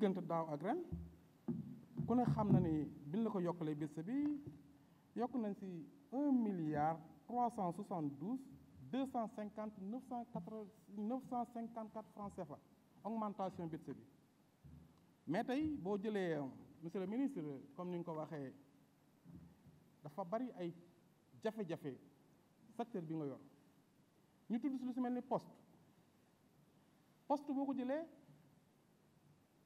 diggante daaw ak ren ku ne xam na ni biñ la ko yokkalee bés bi yok nañ ci 1 milliard 372 250 soixante douze francs CFA augmentation bés bi mais tay bo jëlee monsieur le ministre comme niñ ko waxé dafa bari ay jafé jafé secteur bi nga yor ñu tuddu si lu melni poste poste boko ko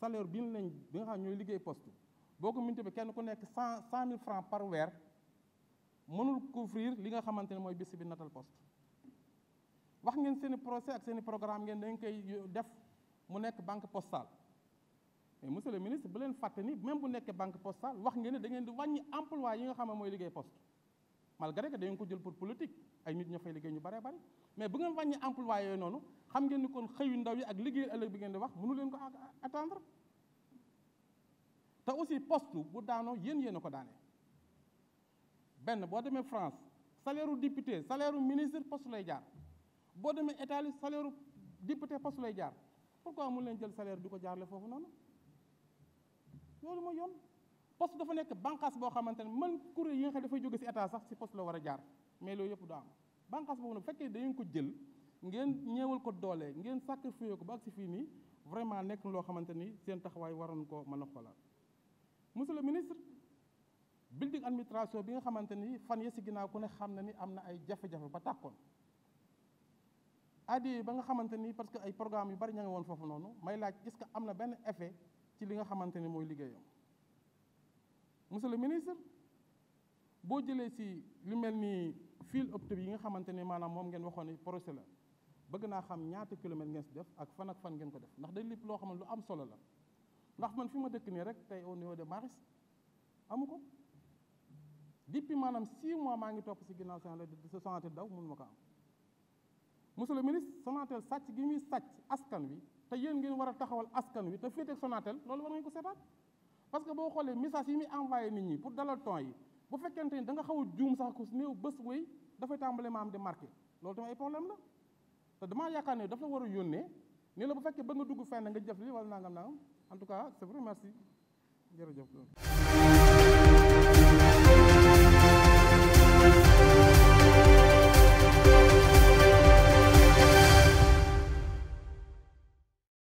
salaire bi ñu leen bi nga xam ñooy liggéey post boo ko bi kenn ku nekk cent cent mille francs par weer mënul couvrir li nga xamante ne mooy bis bi natal post wax ngeen seeni i procès ak seen i programme ngeen dañ koy def mu nekk banque postale mais monsieur le ministre bu leen fàtte ni même bu nekkee banque postale wax ngeen ne da ngeen di wàññi emploi yi nga xam ne mooy liggéey poste malgré que dañu ko jël pour politique ay nit ñoo fay liggéey ñu bare bari mais bu ngeen wàññi emploi yooyu noonu xam ngeen ni kon xëyu ndaw yi ak liggéey ëllëg bi ngeen di wax mënu leen ko attendre te aussi poste bu daanoo yéen yéen ko daanee benn boo demee France salaire u député salaire u ministre poste lay jaar boo demee Italie salaire u député poste lay jaar pourquoi mu leen jël salaire di ko jaarle foofu noonu loolu mooy yoon poste dafa nek bankas bo xamante man kuréel yi nga xam ne dafay jóge ci état sax ci poste la wara jaar mais loolu yëpp du am bankas bo nag bu fekkee dañu ko jël ngeen ñewal ko doole ngeen sacrifier ko ba ci vraiment nek lo xamanteni seen taxaway waron ko mëna xolal monsieur le ministre building administration bi nga xamanteni fan ya ginaaw ku ne xam na ni amna ay jafé jafé ba takkon adi ba nga xamanteni parce que ay programme yu bari ña won fofu nonu may laaj est-ce que effet ci li nga xamanteni moy liggéeyam monsieur le ministre boo jëlee si lu mel ni fil optique yi nga xamante ne maanaam moom ngeen waxoon ne projet la bëgg naa xam ñaata kilomètre ngeen si def ak fan ak fan ngeen ko def ndax day lépp loo xam ne lu am solo la ndax man fi ma dëkk nii rek tey au niveau de Maris amu ko depuis maanaam 6 mois maa ngi topp si ginnaaw Sonatel di Sonatel daw mun ma ko am monsieur le ministre Sonatel sàcc gi muy sàcc askan wi te yéen ngeen war a taxawal askan wi te féete ak Sonatel loolu war ngeen ko seetaat. parce que boo xoolee message yi muy envoyé nit ñi pour dalal temps yi bu fekkente ni da nga xaw a juum sax ku néew bés wéy dafay tàmbale maam di marqué loolu tamit ay problème la te damaa yaakaar ne daf la war a yónnee nee la bu fekkee ba nga dugg fenn nga jëf li wala nangam nangam en tout cas c'est vrai merci jërëjëf.